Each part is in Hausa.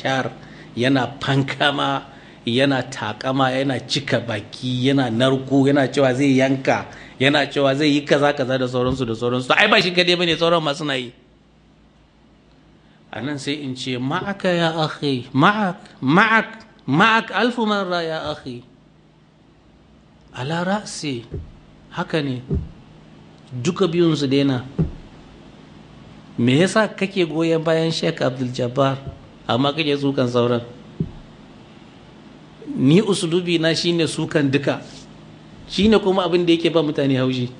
kyar yana fankama yana takama yana cika baki yana narko yana cewa zai yanka yana cewa zai yi kaza kaza da sauransu da sauransu ai ba shi kadai bane sauran masu na yi anan sai in ce ma'aka ya akhi ma'ak ma'ak ma'ak alfu marra ya akhi ala ra'si haka ne duka biyun su daina me yasa kake goyon bayan Sheikh Abdul Jabbar amma kake sukan sauran ni usulubi na shine sukan duka shine kuma abin da yake ba mutane haushi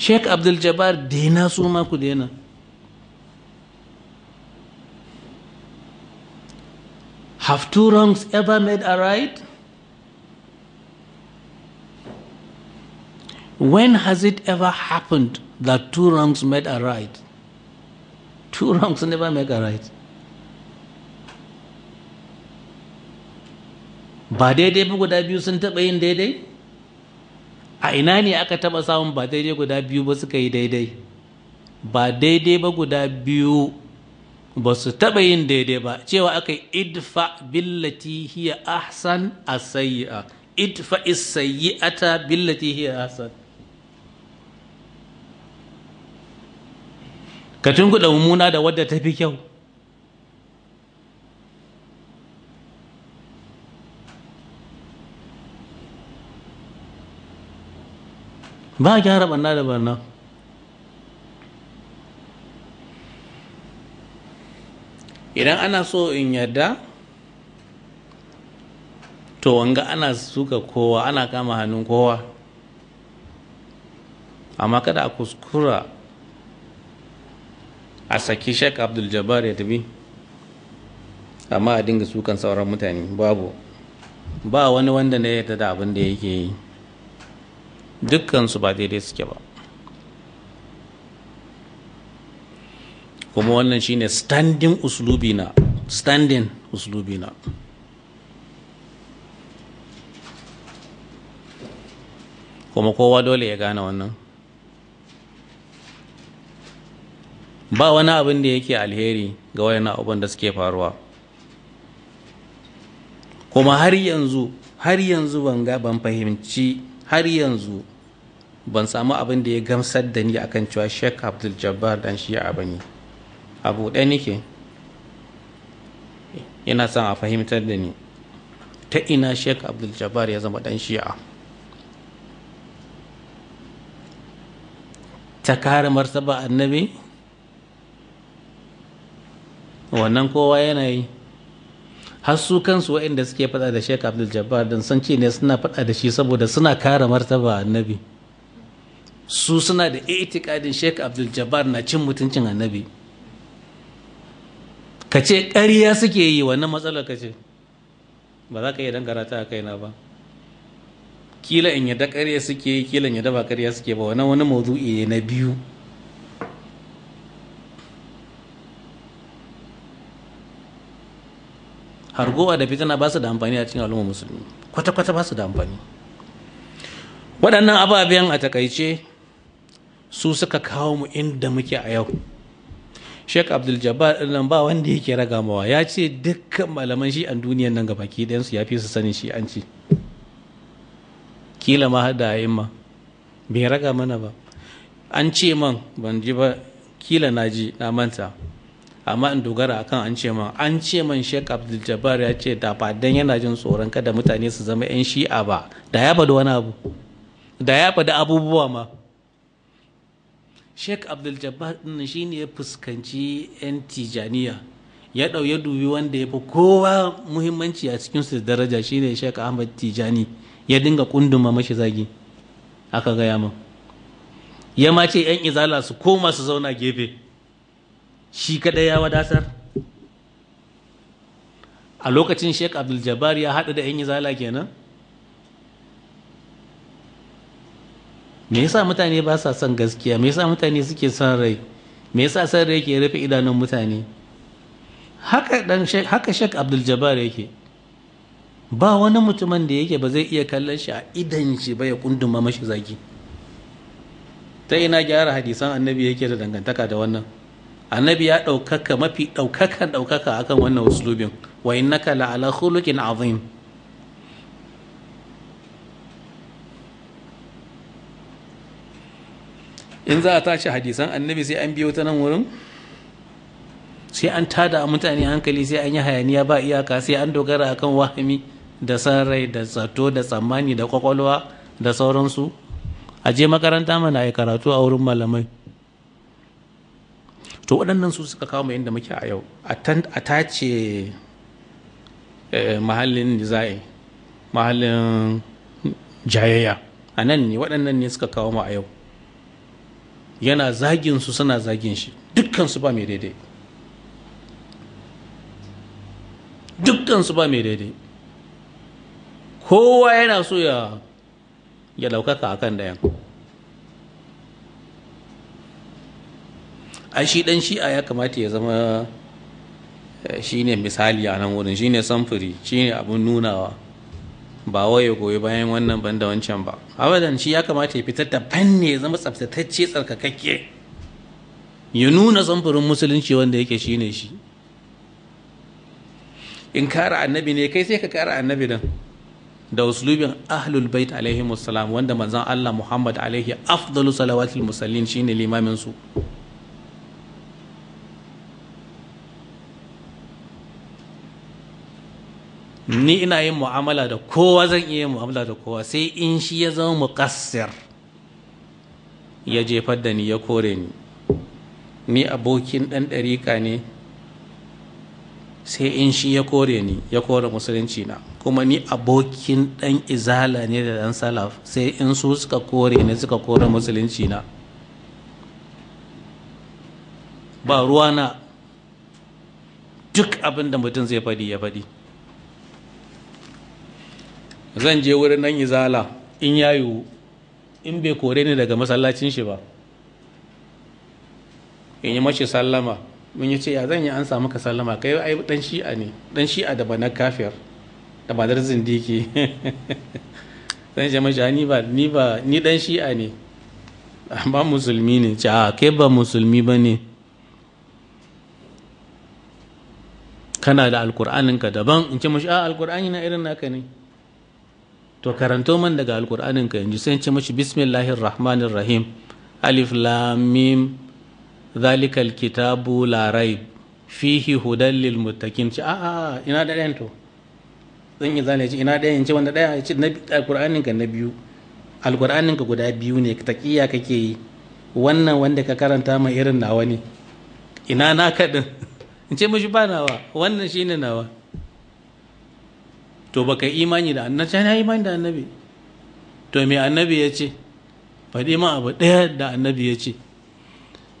sheik abdul jabbar daina su ma ku daina have two wrongs ever made a right when has it ever happened that two wrongs made a right Two wrongs never make a right. Ba daidai ba guda biyu sun taɓa yin daidai? A ina ne aka taɓa samun ba daidai guda biyu ba suka yi daidai? Ba daidai ba guda biyu ba su taɓa yin daidai ba cewa aka yi idfa billati hiya ahsan a sayi'a idfa is sayi'ata billati hiya ahsan ka tunkuɗa mummuna da wadda ta fi kyau ba a gyara ɓanna da ɓanna idan ana so in yarda to wanga ana suka kowa ana kama hannun kowa amma kada a kuskura a saki sheik abdul jabbar ya tafi amma a dinga sukan sauran mutane babu ba wani wanda na yarda da abin da yake yi dukkansu ba daidai suke ba kuma wannan shine standing uslubi na standing uslubi na kuma kowa dole ya gane wannan ba wani abin da yake alheri ga wayan abubuwan da suke faruwa kuma har yanzu har yanzu ban ga ban fahimci har yanzu ban samu abin da ya gamsar da ni akan cewa Sheikh Abdul Jabbar dan shi a bane abu ɗaya nake yana son a fahimtar da ni ta ina Sheikh Abdul Jabbar ya zama dan shi'a ta kare martaba annabi wannan kowa yana yi har su kansu waɗanda suke faɗa da shek Abdul Jabbar dan san ce ne suna faɗa da shi saboda suna kare martaba annabi su suna da itikadin Sheik Abdul Jabbar na cin mutuncin annabi ka ce ƙarya suke yi wannan matsalar ka ce ba za ka iya dangara ta a kaina ba kila in yadda ƙarya suke yi kila in yadda ba ƙarya suke ba wani maudu'i ne na biyu hargowa da fitina ba su da amfani a cikin al'ummar musulmi kwata-kwata ba su da amfani waɗannan ababen a takaice su suka kawo mu inda muke a yau sheik abdul jabbar nan ba wanda yake ragamawa ya ce dukkan malaman shi an duniyan nan gabaki su ya fi su sani shi an ce kila ma hada imma bai raga mana ba an ce man ban ji ba kila na ji na manta amma in dogara akan an ce man an ce man Sheikh Abdul Jabbar ya ce da fadan yana jin tsoron kada mutane su zama yan shi'a ba da ya faɗi wani abu da ya faɗi abubuwa ma Sheikh Abdul Jabbar din shine ya fuskanci yan Tijaniya ya ɗau dubi wanda ya fi kowa muhimmanci a cikin su daraja shine Sheikh Ahmad Tijani ya dinga kunduma mashi zagi aka gaya min ya ma ce yan izala su koma su zauna gefe shi kaɗai ya wadatar a lokacin sheik abdul ya haɗu da 'yan zala kenan me yasa mutane ba sa son gaskiya me yasa mutane suke son rai me yasa son rai ke rufe idanun mutane haka Sheik shek abdul jabbar yake ba wani mutumin da yake ba zai iya kallon shi a idan shi ba ya kunduma mashi zaki ta ina gyara hadisan annabi yake da dangantaka da wannan annabi ya ɗaukaka mafi ɗaukakan ɗaukaka akan wannan uslubin wa naka la'ala hulukin azim in za a tashi hadisan annabi sai an biyo ta nan wurin sai an tada mutane hankali sai an yi hayaniya ba iyaka sai an dogara akan wahami da san rai da zato da tsammani da kwakwalwa da sauransu a je makaranta mana ya karatu a wurin malamai to waɗannan su suka kawo mu yadda muke a yau a tace eh, mahallin niza'i mahallin jayayya a nan ne waɗannan ne suka kawo mu a yau yana zagin su suna zagin shi dukkansu ba mai daidai dukkansu ba mai daidai kowa yana so ya ya ɗaukaka akan ɗayan ai shi dan shi'a ya kamata ya zama eh, ne misali a nan wurin ne samfuri shi ne abun nunawa ba wai ya goyi bayan wannan banda wancan ba abadan shi ya kamata ya fitar daban ne ya zama tsaftatacce tsarkakakke ya nuna samfurin musulunci wanda yake shi ne shi in kara annabi ne kai sai ka kara annabi dan da uslubin ahlul bait alaihi wanda manzon Allah Muhammad alaihi afdalu salawatul musallin shine limamin su ni ina yin mu'amala da kowa zan iya yin mu'amala da kowa sai in shi ya zama muƙassir ya jefar da ni ya kore ni ni abokin ɗan ɗariƙa ne sai in shi ya kore ni ya kore musulunci na kuma ni abokin ɗan izala ne da ɗan salaf sai in su suka kore ni suka kore musulunci na ba na duk abin da mutum zai faɗi ya faɗi zan je wurin nan izala in ya yiwu in bai kore ni daga masallacin shi ba in yi mashi sallama mun yi ce ya zan yi an samu ka sallama kai ai dan shi'a ne dan shi'a da banar kafiyar da banar zindiki zan ce mace ni ba ni ba ni dan shi'a ne ba musulmi ne ce a ah, kai ba musulmi ba ne kana da alkur'aninka daban in ce mashi a ah, alkur'ani na irin naka ne to karanto man daga alkur'anin ka yanzu sai ce mashi bismillahir rahmanir rahim alif lam mim zalikal kitabu la raib fihi hudan lil muttaqin ci a'a ina da ɗayan to zan yi zane ina da ɗayan ce wanda ɗaya ce alkur'anin ka na biyu alkur'anin ka guda biyu ne taqiya kake yi wannan wanda ka karanta mai irin nawa ne ina na din in ce mashi ba nawa wannan shine nawa to baka imani da annabi Ya na imani da annabi to me annabi ya ce faɗi ma abu ɗaya da annabi ya ce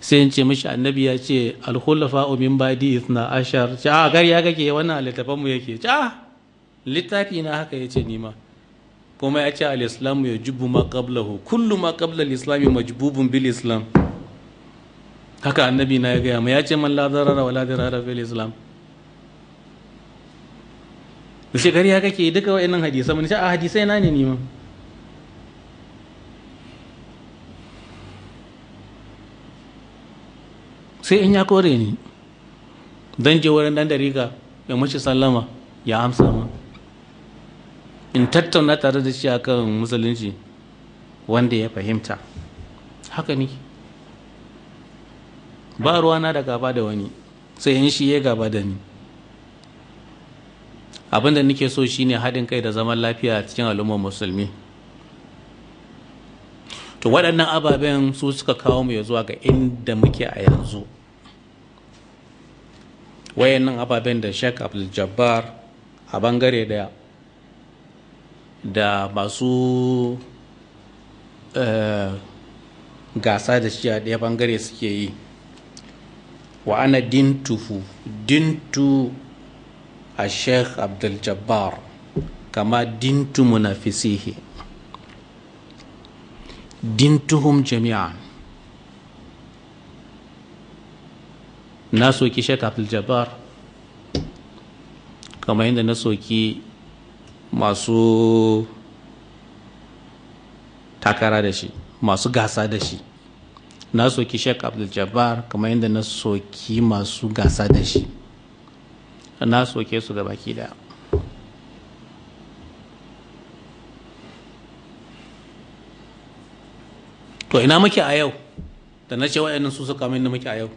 sai in ce mishi annabi ya ce alkhulafa min badi na ashar ce a ah, ya kake wannan littafin ya yake ce a ah, littafi na haka ya ce nima kuma ya ce al-islamu ya jubu ma qablahu kullu ma qabla al-islam majbubun bil islam haka annabi na ya gaya mu ya ce man la darara wa la dirara fil islam yaushe gari ya kake duka wa'annan hadisai mun sha'a ah, hadisai na ne nima sai in ya kore ni Zan je wurin dan dariga ya mashi sallama ya amsa ma in tattauna tare da shi akan musulunci wanda ya fahimta haka ne ba ruwana da gaba da wani sai in shi ya gaba da ni abin da nake so shine haɗin kai da zaman lafiya a cikin al'ummar musulmi to waɗannan ababen su suka kawo mu ya zuwa ga inda muke a yanzu wayannan ababen da sheikh abdul jabbar a bangare daya da masu eh, gasa da shi a ɗaya bangare suke yi wa ana dintuhu dintu a sheikh abdul-jabbar kama dintu munafisihi dintuhum jami'a na soki sheikh abdul-jabbar kama yadda na soki masu takara da shi masu gasa da shi na soki sheikh abdul-jabbar kama yadda na soki masu gasa da shi na soke su ga baki da to ina muke a yau da na ce wa'annan su suka mai da muke a yau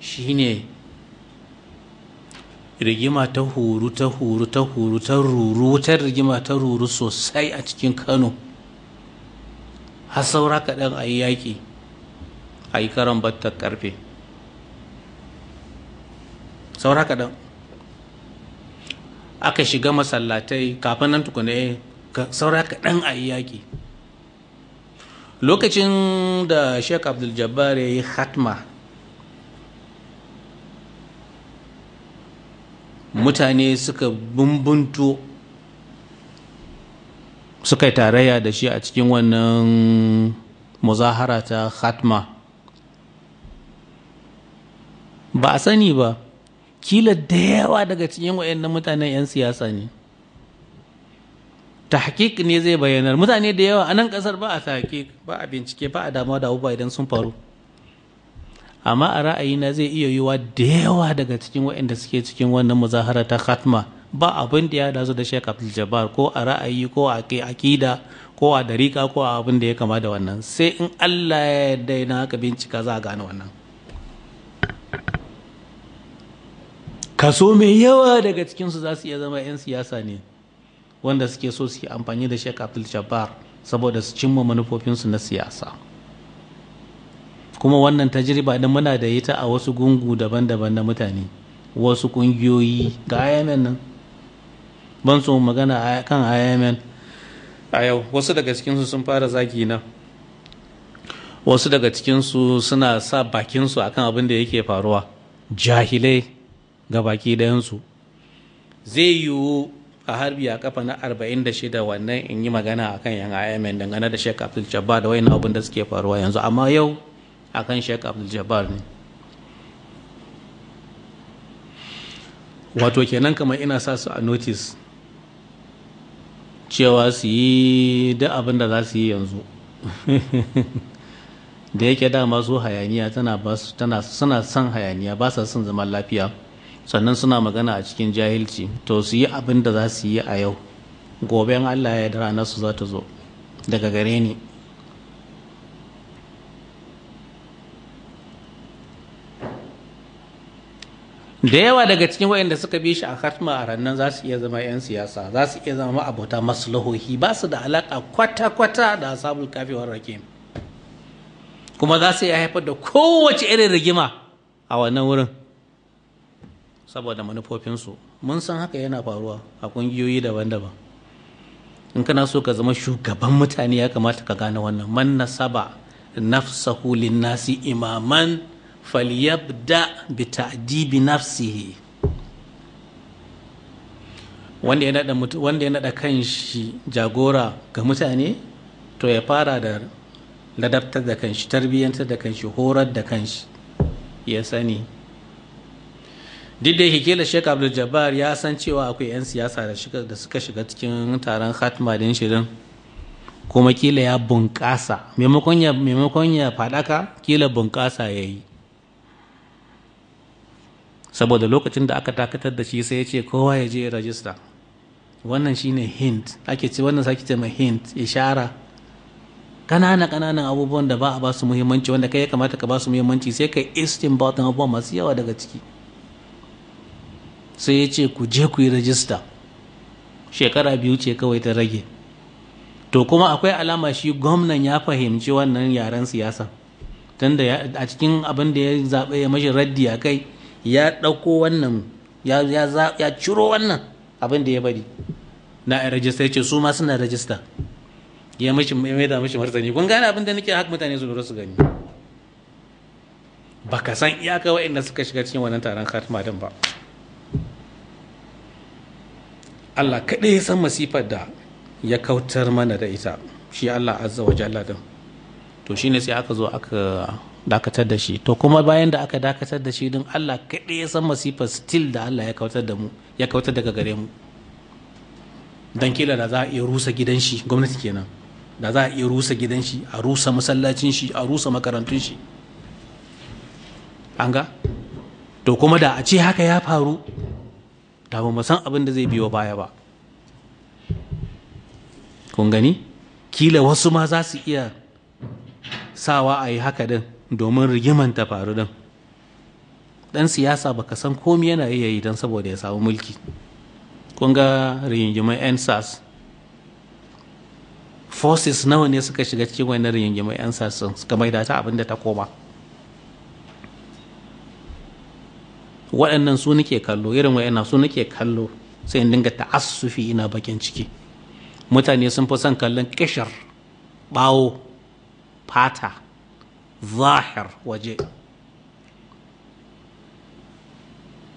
Shi ne rigima ta huru ta huru ta huru ta ruru wutar rigima ta ruru sosai a cikin kano har saura kaɗan a yi yaƙi a yi karan battar ƙarfe saura kaɗan aka shiga masallatai kafin nan tukuna eh, saura kaɗan a yaƙi lokacin da sheik abdul jabbar ya yi hatma mutane suka bumbunto suka yi tarayya da shi a cikin wannan muzahara ta hatma ba a sani ba kila da yawa daga cikin wayannan mutanen 'yan siyasa ne tahqiq ne zai bayyanar mutane da yawa a nan kasar ba a tahqiq ba a bincike ba a damuwa da abubuwa idan sun faru amma a ra'ayina zai iya yiwa da yawa daga cikin waɗanda suke cikin wannan muzahara ta khatma ba abin da ya dazu da Sheikh Abdul Jabbar ko a ra'ayi ko a akida ko a dariƙa ko a abin da ya kama da wannan sai in Allah ya yarda yana haka bincika za a gane wannan kaso mai yawa daga cikinsu za su iya zama 'yan siyasa ne wanda suke so su yi amfani da sheik abdul jabbar saboda su cimma manufofinsu na siyasa kuma wannan tajriba din muna da ita a wasu gungu daban-daban na mutane wasu kungiyoyi ga IMN nan ban so magana kan IMN a yau wasu daga cikinsu sun fara zaki na wasu daga cikinsu suna sa bakinsu akan abin da yake faruwa jahilai ga baki ɗayansu zai yiwu a harbi a kafa na 46 wannan in yi magana a kan yan IMN dangane da Sheikh Abdul Jabbar da wani abin da suke faruwa yanzu amma yau a kan Sheikh Abdul Jabbar ne wato kenan kamar ina sa su a notice cewa su yi duk abin da za su yi yanzu da yake dama su hayaniya tana son hayaniya ba sa son zaman lafiya sannan suna magana a cikin jahilci to su yi abin da za su yi a yau gobe Allah ya rana su za ta zo daga gare ni da yawa daga cikin da suka bi shi a khatma a rannan za su iya zama 'yan siyasa za su iya zama abota maslahohi ba su da alaƙa kwata-kwata da asabul kafewar rake, kuma za su iya haifar da kowace irin rigima a wannan wurin saboda manufofinsu mun san haka yana faruwa a ƙungiyoyi daban-daban in kana so ka zama shugaban mutane ya kamata ka gane wannan man nasaba nafsahu nasi imaman falyabda bi ta'dibi nafsihi wanda ya nada wanda ya nada kanshi jagora ga mutane to ya fara da ladabtar da kanshi tarbiyyantar da kanshi horar da kanshi ya sani duk da yake kila Sheikh Abdul Jabbar ya san cewa akwai 'yan siyasa da suka shiga cikin taron Khatma din shirin kuma kila ya bunƙasa maimakon ya faɗaka kila bunƙasa ya yi saboda lokacin da aka takatar da shi sai ya ce kowa ya je ya rajista wannan shine hint ake ce wannan sake ce mai hint ishara kanana kananan abubuwan da ba a ba su muhimmanci wanda kai ya kamata ka ba su muhimmanci sai ka istin istinbatin abubuwa masu yawa daga ciki sai ya ce ku je ku yi rajista shekara biyu ce kawai ta rage to kuma akwai alama shi gwamnan ya fahimci wannan yaren siyasa tunda a cikin abin da ya zaɓe ya mashi raddi a kai ya ɗauko wannan ya ciro wannan abin da ya bari na rajista ya ce su ma suna rajista ya mashi mai da mashi martani kun gane abin da nake haka mutane su lura su gani baka san iyaka waɗanda suka shiga cikin wannan taron khatima din ba Allah kaɗai ya san masifar da ya kautar mana da ita shi Allah azza wa jalla din to shine sai aka zo aka dakatar da shi to kuma bayan da aka dakatar da shi din Allah kaɗai ya san masifar still da Allah ya kautar da mu ya kautar daga gare mu dan kila da za a iya rusa gidan shi gwamnati kenan da za a iya rusa gidan shi a rusa masallacin shi a rusa makarantun shi an ga to kuma da a ce haka ya faru da ba san abin da zai biyo baya ba kun gani kila wasu ma za su iya sawa a yi haka din domin rigiman ta faru din dan siyasa ba ka san komi yana iya yi don saboda ya samu mulki kun ga rigingimin yan sas forces nawa ne suka shiga cikin wani rigingimin yan sas suka maida ta abin da ta koma waɗannan su nake kallo irin wa'ina su nake kallo sai in dinga ta'assufi ina bakin ciki mutane sun fi son kallon kishar bawo fata zahir waje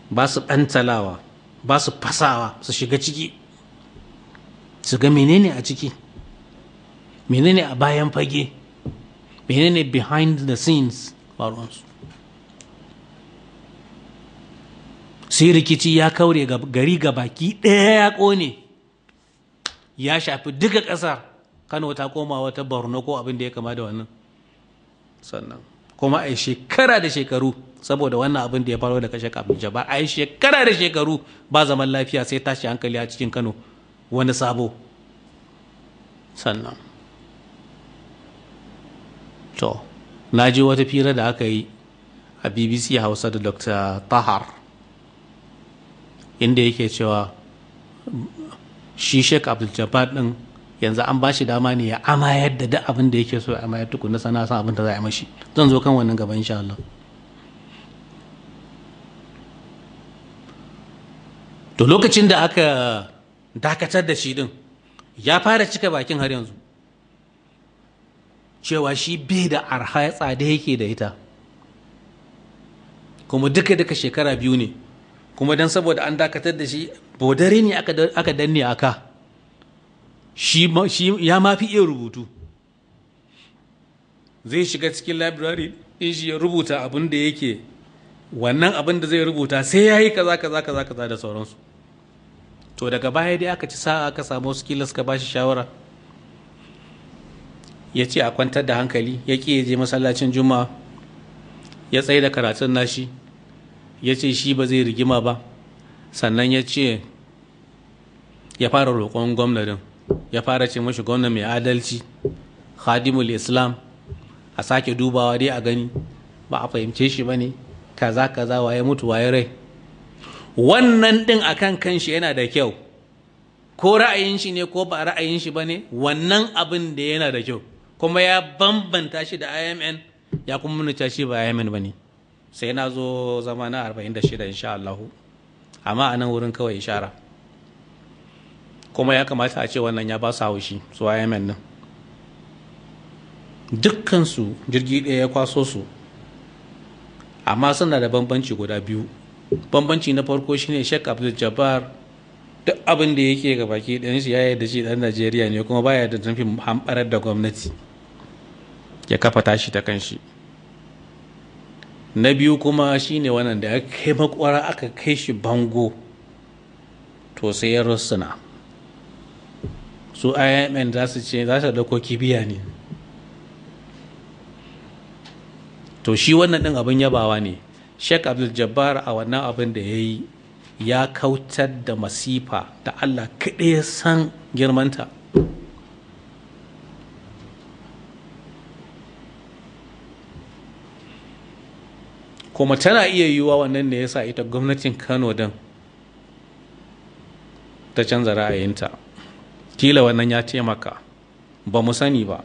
ba su ɗantalawa ba su fasawa su shiga ciki su ga menene a ciki menene a bayan fage menene behind the scenes ba sai rikici ya kaure gari ga baki ɗaya ya ƙone ya shafi duka ƙasar kano ta koma wata borno ko abin da ya kama da wannan sannan kuma a shekara da shekaru saboda wannan abin da ya faru da kashe kafin jaba a shekara da shekaru ba zaman lafiya sai tashi hankali a cikin kano wani sabo sannan to na ji wata fira da aka yi a bbc hausa da dr tahar inda yake cewa shi sheik abdul jabbar din yanzu an ba shi dama ne ya amayar da duk abin da yake so ya amayar tukuna sana san abin da za a yi mashi zan zo kan wannan gaba insha Allah to lokacin da aka dakatar da shi din ya fara cika bakin har yanzu cewa shi bai da arha tsada yake da ita kuma duka-duka shekara biyu ne kuma don saboda an dakatar da shi bodare ne aka danne a ka shi ya mafi iya rubutu zai shiga cikin library in shi ya rubuta abin da yake wannan abin da zai rubuta sai ya yi kaza kaza kaza kaza da sauransu to daga baya dai aka ci sa'a aka samu wasu kila suka bashi shawara ya ce a kwantar da hankali ya ƙi ya je masallacin juma'a ya tsaye da karatun nashi ya ce shi ba zai rigima ba sannan ya ce ya fara roƙon gwamnatin ya fara ce mashi gwamna mai adalci khadimul islam a sake dubawa dai a gani ba a fahimce shi ba ne kaza kaza waye mutu waye rai wannan ɗin kan kanshi yana da kyau ko ra'ayin shi ne ko ba ra'ayin shi ba ne wannan abin da yana da kyau kuma ya bambanta shi da imn ya kuma nuna shi ba imn ba ne sai na zo zama na 46 insha Allah amma a nan wurin kawai ishara kuma ya kamata a ce wannan ya ba su haushi su IMN nan dukkansu jirgi ɗaya ya kwaso su amma suna da bambanci guda biyu bambanci na farko shine Sheikh Abdul Jabbar duk abin da yake ga baki ɗan shi ya yarda shi ɗan Najeriya ne kuma baya da nufin hamɓarar da gwamnati ya kafa tashi ta kanshi shi na biyu kuma shine wannan da ya kai makwara aka kai shi bango to sai ya rusuna su imn za su ce za su dauko kibiya ne to shi wannan din abin yabawa ne sheik abdul jabbar a wannan abin da ya yi ya kautar da masifa da allah kaɗai san girmanta kuma tana iya yiwuwa wannan ne sa ita gwamnatin kano din ta canza ra'ayinta kila wannan ya taimaka ba mu sani ba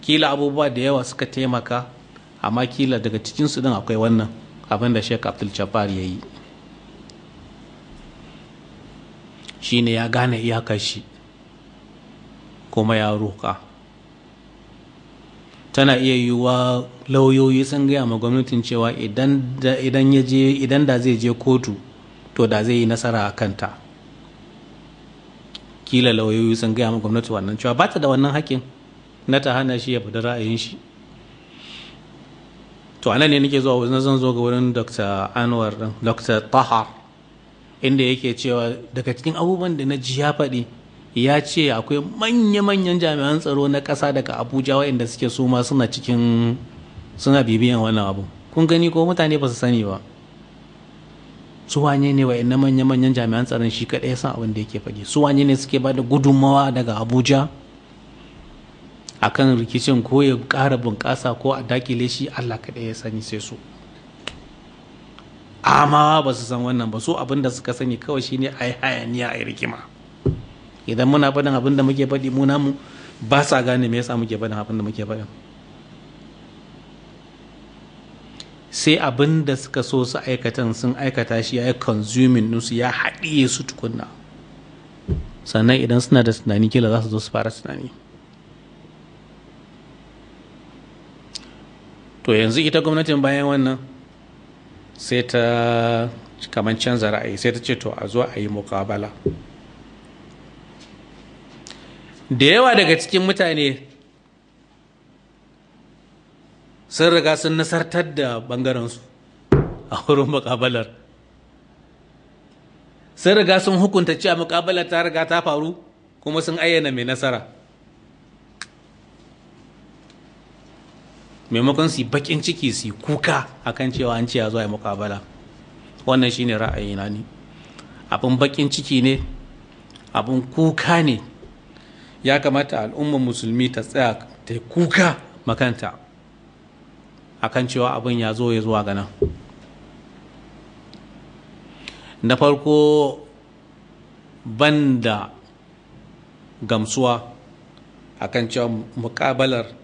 kila abubuwa da yawa suka taimaka amma kila daga cikin su din akwai wannan abin da sheik abdul jabbar ya yi Shi ne ya gane iyakar shi kuma ya roƙa tana iya yiwuwa lauyoyi sun gaya ma gwamnatin cewa idan da zai je kotu to da zai yi nasara a kanta kila lauyoyi sun gaya ma gwamnati wannan cewa ba ta da wannan hakin na ta hana shi ya fada ra'ayin shi to anan ne nake zuwa wajen zan zo ga wurin dr anwar dr tahar inda yake cewa daga cikin abubuwan da na ji ya faɗi ya ce akwai manya-manyan jami'an tsaro na ƙasa daga abuja waɗanda suke suma ma suna cikin suna bibiyan wannan abu kun gani ko mutane ba su sani ba su wane ne waɗannan manya-manyan jami'an tsaron shi kaɗai san abin da yake faɗi su wane ne suke ba da gudunmawa daga abuja A kan rikicin ko ya ƙara bunƙasa ko a dakile shi allah kaɗai ya sani sai su amma ba su san wannan ba su abin da suka sani kawai shine a yi hayaniya a yi rikima idan muna faɗin abin da muke faɗi mu namu ba sa gane me yasa muke faɗin abin da muke faɗin sai abin da suka so su aikatan sun aikata shi ya yi consuming nusu ya haɗiye su tukunna sannan idan suna da tunani kila za su zo su fara tunani to yanzu ita gwamnatin bayan wannan sai ta kamar canza ra'ayi sai ta ce to a zo a yi mukabala da yawa daga cikin mutane sun riga sun nasartar da ɓangarensu a wurin muƙabalar sun riga sun hukunta cewa muƙabalar ta riga ta faru kuma sun ayyana mai nasara maimakon su bakin ciki su kuka akan cewa an ce ya zo a mukabala wannan shine ra'ayina ne abin bakin ciki ne abin kuka ne ya kamata al'ummar musulmi ta tsaya ta kuka makanta akan cewa abin ya zo ya zuwa ga nan na farko banda gamsuwa akan cewa mukabalar